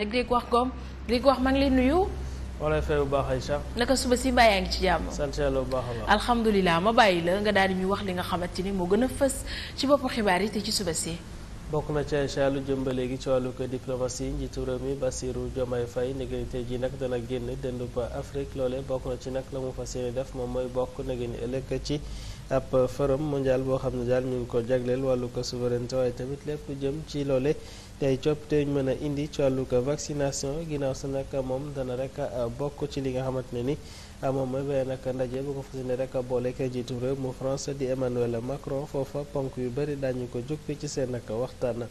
wax Grégoire Ngom Grégoire maa ngi lay nuyu. wala fay bu baax Aïcha. naka suba si mbaa ngi ci jàmm. sant yàlla bu baax a alhamdulilah ma bàyyi la nga daal di ñu wax li nga xamante ni moo gën a fës ci bopp xibaar yi te ci suba si. bokk na ci Aïcha lu jëm ba léegi ci wàllu ko diplomatie njiitu réew mi Bassirou Diomaye Faye négéey tey ji nag dana génn dënd ba Afrique loole bokk na ci nag la mu fas yéene def moom mooy bokk négéey ni ëllëg ci ab forum mondial boo xam ne daal ñu ngi ko wàllu ko souveraineté waaye tamit lépp jëm ci loole tey jop dañ mën a indi ci wàllug vaccination ginnaaw sa nag moom dana rek euh, bokk ci li nga xamante ne ni euh, moom mooy beneen nag ndaje bu ko fas yéene rek boole ak njiitu réew mu France di Emmanuel Macron foofa ponk yu bëri daañu ko jóg ci seen nag waxtaan.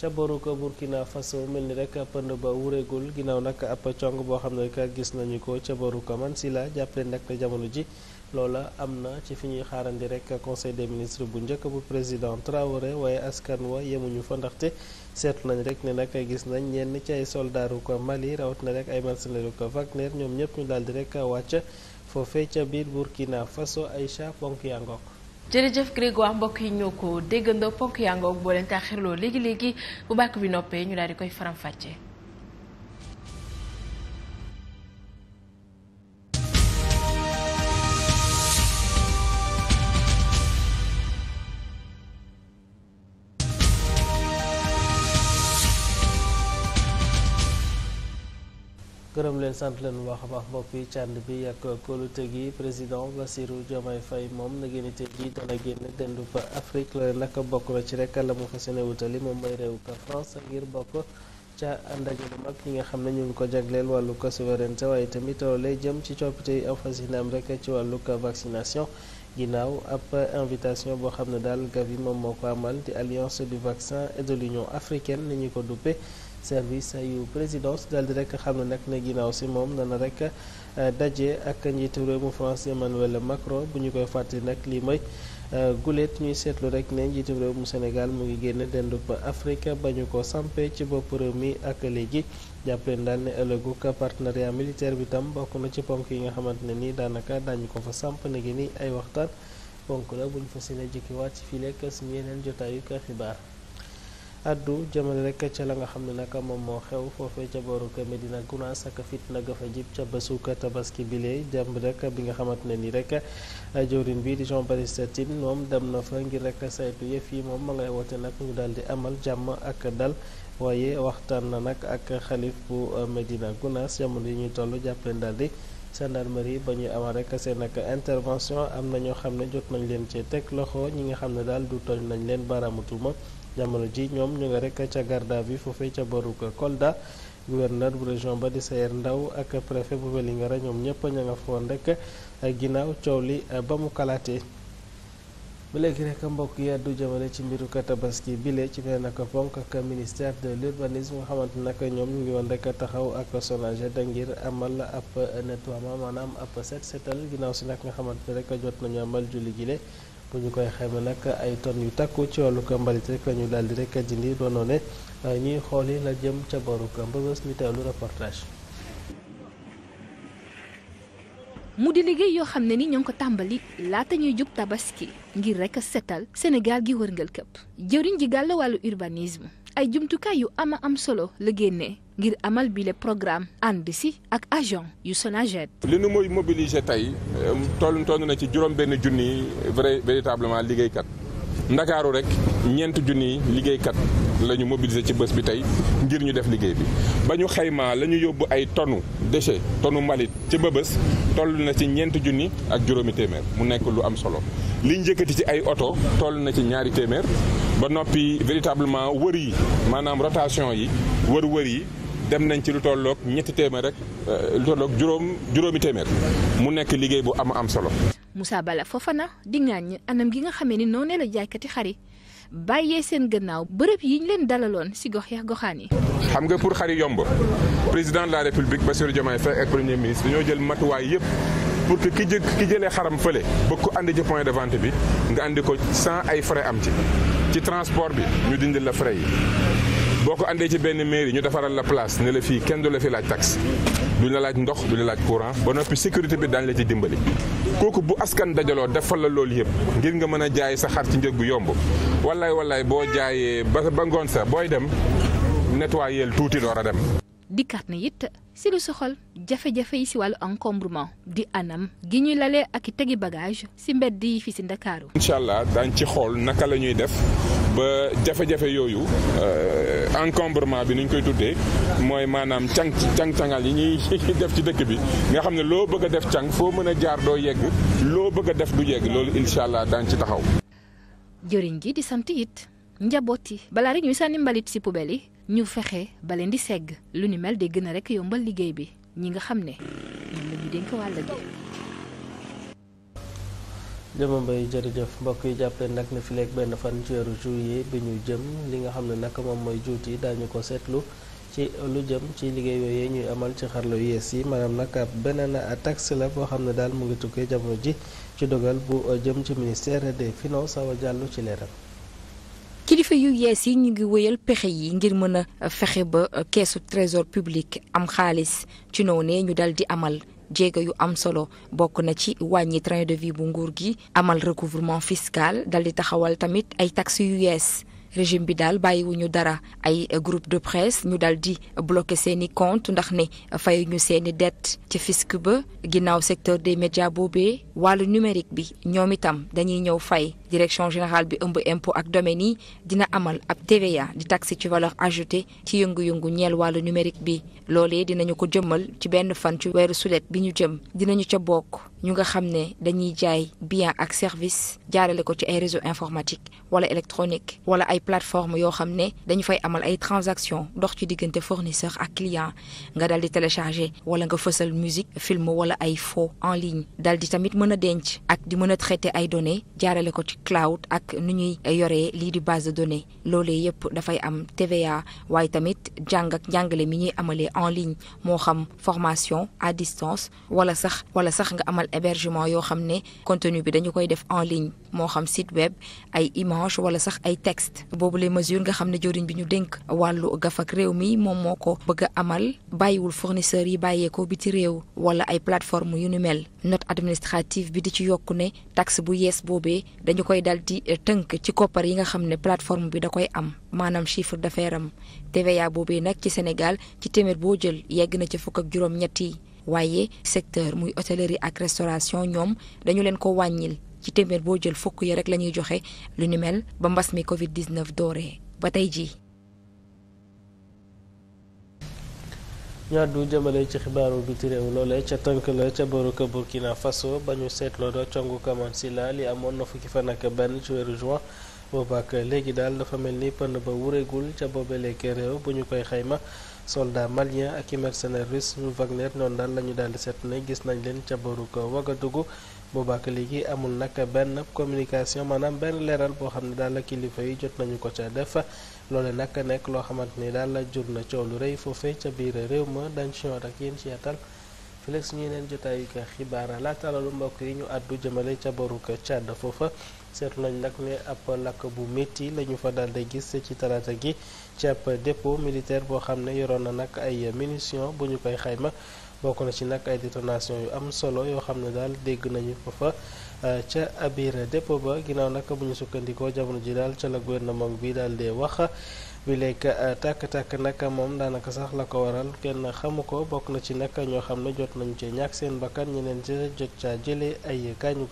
ca boru ko Burkina Faso mel ni rek pënd ba wuregul ginnaaw nag ab cong boo xam ne rek gis nañu ko ca boru ko Mansilla jàppale nag jamono ji. loola am na ci fi ñuy xaarandi rek conseil des ministres bu njëkk bu président Traoré waaye askan wa yemuñu fa ndaxte seetlu nañ rek ne nag gis nañ ñenn ci ay soldaaru ko Mali rawat na rek ay mercenaires ko Wagner ñoom ñëpp ñu daal di rek wàcc foofee ca biir Burkina Faso Aïcha Ponk Yangok jërëjëf Grégoire mbokk yi ñoo ko déggandoo Ponk Yangok boo leen taxirloo léegi léegi bu bàkk bi noppee ñu daal di koy faram-fàccee. gërëm leen sant leen bu baax a baax mbokk yi cànd bi ak kóolute gi président Bassirou Diomaye fay moom na génn tey jii dana génn dendu ba Afrique la nag bokk na ci rek la mu fas yéene wutali moom mooy réew ka France ngir bokk ca ndaje lu mag ñi nga xam ne ñu ngi ko jagleel wàllu ko souveraineté waaye tamit lay jëm ci coppite yi aw fas yéeneem rek ci wàllu ko vaccination ginnaaw ab invitation boo xam ne daal Gavi moom moo ko amal di alliance du vaccin et de ko duppe service yu présidence dal di rek xam ne nag ne ginnaaw si moom dana rek euh, daje ak njiitu réew mu France Emmanuel Macron bu ñu koy fàttali nag lii mooy euh, guléet ñuy seetlu rek ne njiitu réew mu Sénégal mu ngi génn dendub Afrique ba ñu ko sampe ci bopp réew mi ak léegi jàppaleen daal ne ëllëgug partenariat militaire bi tam bokk na ci ponk yi nga xamante ne nii daanaka daañu ko fa samp ne gi ni ay waxtaan ponk la buñ fa seen jëkkiwaat ci fii lekk suñu yeneen jotaayu xibaar addu jëmale rek ca la nga xam ne nag moom moo xew foofe ca booru Medina Gunaas ak fitna ga fa jib ca bésuk tabaski bile jàmb rek bi nga xamante ne nii rek jawriñ bi di Jean Baptiste Tine moom dem na fa ngir rek saytu yëf yi moom ma ngay woote nag ñu daal di amal jàmm ak dal waaye waxtaan na nag ak xalif bu Medina Gunaas jamono yi ñuy toll jàppaleen daal di. gendarmerie ba ñuy amal rek seen nag intervention am na ñoo xam ne jot nañ leen cee teg loxo ñi nga xam ne daal du tooñ nañ leen baaraamu jamono ji ñoom ñu nga rek ca garda bi foofee ca boru Kolda gouverneur bu région ba di Sayer Ndaw ak préfet bu Vélingara ñoom ñëpp ña nga foon rek ginnaaw coow li ba mu kalaatee. ba léegi rek mbokk yi àddu jëmale ci mbiru tabaski bile ci benn ak ponk ak ministère de l'urbanisme nga xamante nag ñoom ñu ngi woon rek taxaw ak SONAGED ngir amal ab nettoiement maanaam ab set setal ginnaaw si nag nga xamante rek jot nañu amal julli gile bu ñu koy xayma nag ay tonnes yu takku ci wàllu mbalit rek la ñu daal di rek dindi doonoone ñuy xooli la jëm ca boru mbëbës ñu teewlu reportage. mu di liggéey yoo xam ne ni ñoo ko tàmbali laata ñuy jub tabaski ngir rek setal Sénégal gi wërngal këpp jëriñ ji gàll wàllu urbanisme ay jumtukaay yu ama am solo la génnee ngir amal bile programme ànd si ak agent yu Sonaged. li nu muy mobiliser tey euh, toll toll na ci juróom benn junni vrai véritablement liggéeykat ndakaaru rek. ñeent junni liggéeykat la ñu mobiliser ci bés bi tey ngir ñu def liggéey bi ba ñu xayma la ñu yóbbu ay tonu déchets tonu mbalit ci Mbëbës toll na ci ñeenti junni ak juróomi téeméer mu nekk lu am solo liñ njëkkati ci ay oto toll na ci ñaari téeméer ba noppi véritablement wër maanaam rotation yi wër wër yi dem nañ ci lu tolloog ñetti téeméer rek euh, lu tolloog juróom juróomi téeméer mu nekk liggéey bu am am solo. Moussa Bala Fofana di ŋàññ anam gi nga xamee ni noonee la jaaykati xar bàyyee seen gannaaw bërëb yi ñu leen dalaloon si gox ya goxaan yi. xam nga pour xari yomb président la république Bassirou Diomaye Faye ak premier ministre dañoo jël matuwaay yëpp. pour que ki jë ki jëlee xaram fële bëgg ko andi ci point de vente bi nga andi ko sans ay frais am ci ci transport bi ñu dindil la frais yi boo ko andee ci benn mairie ñu defaral la place ne la fii kenn du la fi laaj taxe duñ la laaj ndox duñ la laaj courant ba noppi sécurité bi daañu la ci dimbali kooku bu askan dajaloo defal la loolu yëpp ngir nga mën a jaay sa xar ci njëg gu yomb wallaay wallaay boo jaayee ba ba ngoon sa booy dem nettoyeel tuuti door a dem si lu soxal jafe-jafe yi si wàllu encombrement di anam gi ñuy lalee ak i tegi bagage si mbedd yi fii si Ndakaaru. incha allah daañ ci xool naka la ñuy def ba jafe-jafe yooyu euh, encombrement bi ni koy tuddee mooy maanaam càng càng-cangal yi ñuy def ci dëkk bi nga xam ne loo bëgg a def càng foo mën a jaar doo yegg loo bëgg def du yegg loolu incha allah daañ ci taxaw. jëriñ gi di sant it. njaboot yi balaa rek ñuy sànni mbalit ci poubelle yi ñu fexe ba leen di segg lu ni mel de gën a rek yombal liggéey bi ñi nga xam ne ñoom la ñu dénk wàll gi. jërëjëf Mbaye mbokk yi jàpp nag ne fileeg benn fan ci weeru juillet bi ñu jëm li nga xam ne naka moom mooy juut yi daañu ko seetlu. ci lu jëm ci liggéey yooyu ñuy amal ci xarlo yees yi maanaam nag beneen taxe la boo xam ne daal mu ngi tukkee jamono ji ci dogal bu jëm ci ministère des finances sawa jàllu ci leeram kilifa yu yees yi ñu ngi woyal pexe yi ngir mën a fexe ba keesu trésor public am xaalis ci noonee ñu dal di amal jéego yu am solo bokk na ci wàññi train de vie bu nguur gi amal recouvrement fiscal dal di taxawal tamit ay tax yu yees régime bi daal bàyyiwuñu dara ay groupe de presse ñu dal di bloqué seen i compte ndax ne fayuñu seen i dette ci fisc ba ginnaaw secteur des médias boobee wàllu numérique bi ñoom itam dañuy ñëw fay direction générale bi ëmb impôt ak domaine yi dina amal ab TVA di taxe ci valeur ajoutée ci yëngu-yëngu ñeel wàllu numérique bi loolee dinañu ko jëmmal ci benn fan ci weeru sulet bi ñu jëm dinañu ca bokk ñu nga xam ne dañuy jaay bien ak service jaarale ko ci ay réseau informatique wala électronique wala ay plateforme yoo xam ne dañu fay amal ay transaction dox ci diggante fournisseur ak client nga dal di télécharger wala nga fësal musique film wala ay faux en ligne dal di tamit mën a denc ak di mën a traiter ay données jaarale ko ci cloud ak nu ñuy yoree lii di base de données loolee yëpp dafay am TVA waaye tamit jàng ak njàngale mi ñuy amalee en ligne moo xam formation à distance wala sax wala sax nga amal hébergement yoo xam ne contenu bi dañu koy def en ligne moo xam site web ay image wala sax ay texte boobu les mesures nga xam ne joriñ bi ñu dénk wàllu gaf ak réew mi moom moo ko bëgg a amal bàyyiwul fournisseurs yi bàyyeekoo biti réew wala ay plateforme yu ni mel note administrative bi di ci yokku ne taxe bu yees koy dal di eh, tënk ci koppar yi nga xam ne plateforme bi da koy am maanaam chiffre d'affaires am TVA boobee nag ci Sénégal ci téeméer boo jël yegg na ci fukk ak juróom-ñett yi waaye secteur muy hôtellerie ak restauration ñoom dañu leen ko wàññil ci téeméer boo jël fukk yi rek la ñuy joxe lu ni mel ba mbas mi Covid 19 dooree ba tey jii. ñaaddu jëmale ci xibaaru biti réew loolee ca tënk la ca baruka Burkina Faso ba ñu seetloo do congu kaman si la li amoon na fukki fa ak benn ci weeru juin boobaak léegi daal dafa mel ni pënd ba wuregul ca boobeleek réew bu ñu koy xayma soldat malien ak i mercenaires russe ñu Wagner noonu daal la ñu daal di seet ne gis nañ leen ca baruka dugg boobaak léegi amul nag benn communication maanaam benn leeral boo xam ne daal kilifa yi jot nañu ko ca def loole nag nekk loo xamante ni daal jur na coow lu rëy foofee ca biir réew ma dañ ci ñëwaat ak yéen ci yaatal fële su ñu neen jotaayu ka xibaar laataalalu mbokk yi ñu àddu jëmale ca boru Tchad foofa seetlu nañ nag ne ab lakk bu métti la ñu fa daldi gis ci talaata gi ci ab dépôt militaire boo xam ne yoroon na nag ay munitions bu ñu koy xayma. bokk na ci nag ay détonation yu am solo yoo xam ne daal dégg nañu ko fa euh, ca abir dépôt ba ginnaaw nag bu ñu sukkandikoo jamono ji daal ca la gouvernement bi daal di wax bi euh, tàkk-tàkk nag moom daanaka sax la ko waral kenn xamu ko bokk na ci nag ñoo xam ne jot nañu cee ñàkk seen bakkan ñeneen ca jot caa jëlee ay gaañu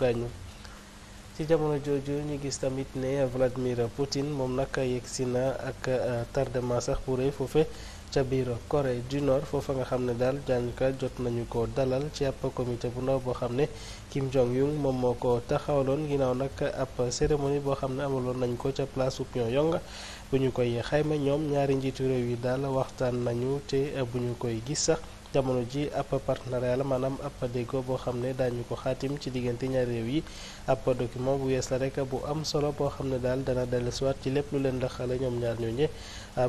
ci jamono jooju ñu gis tamit ne Vladimir Poutine moom nag yegsi na ak euh, tardement sax bu rëy foofe ca biir Corée du Nord foofa nga xam ne daal daanaka jot nañu ko dalal ci ab comité bu ndaw boo xam ne Kim Jong Un moom moo ko taxawaloon ginnaaw nag ab cérémonie boo xam ne amaloon nañ ko ca place su Pyongyang bu ñu koy xayma ñoom ñaari njiitu réew yi daal waxtaan nañu te bu ñu koy gis sax. jamono ji ab partenariat la maanaam ab déggoo boo xam ne daañu ko xaatim ci diggante ñaar réew yi ab document bu yees la rek bu am solo boo xam ne daal dana dellusiwaat ci lépp lu leen raxale ñoom ñaar ñooñe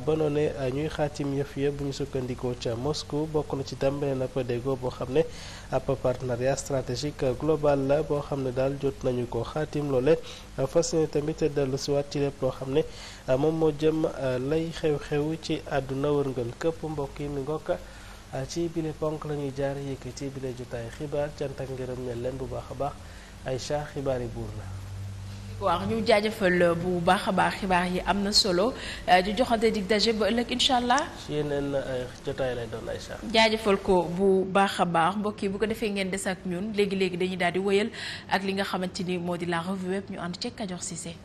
ba noone ñuy xaatim yëf ya bu ñu sukkandikoo ca Moscou bokk na ci tam beneen ab déggoo boo xam ne ab partenariat stratégique global la boo xam ne daal jot nañu ko xaatim loole fas yéene tamit dellusiwaat ci lépp loo xam ne moom moo jëm lay xew-xew ci àdduna wërngal këpp Ah, ci bile ponk la ñuy jaar yëkkati bile jotaay xibaar cant ak ngërëm ñel leen bu baax a baax Aïcha xibaar yi buur la waaw ñu jaajëfal bu baax a baax xibaar yi am na solo ah, di joxante dig daje ba ëllëg incha allah. ci yeneen ah, jotaay lay doon Aïcha. jaajëfal ko bu baax a baax mbokk yi bu ko defee ngeen des ak ñun léegi léegi dañuy daal di wëyal ak li nga xamante ni moo di la revue web ñu ànd ceeg Kajoor Cissé.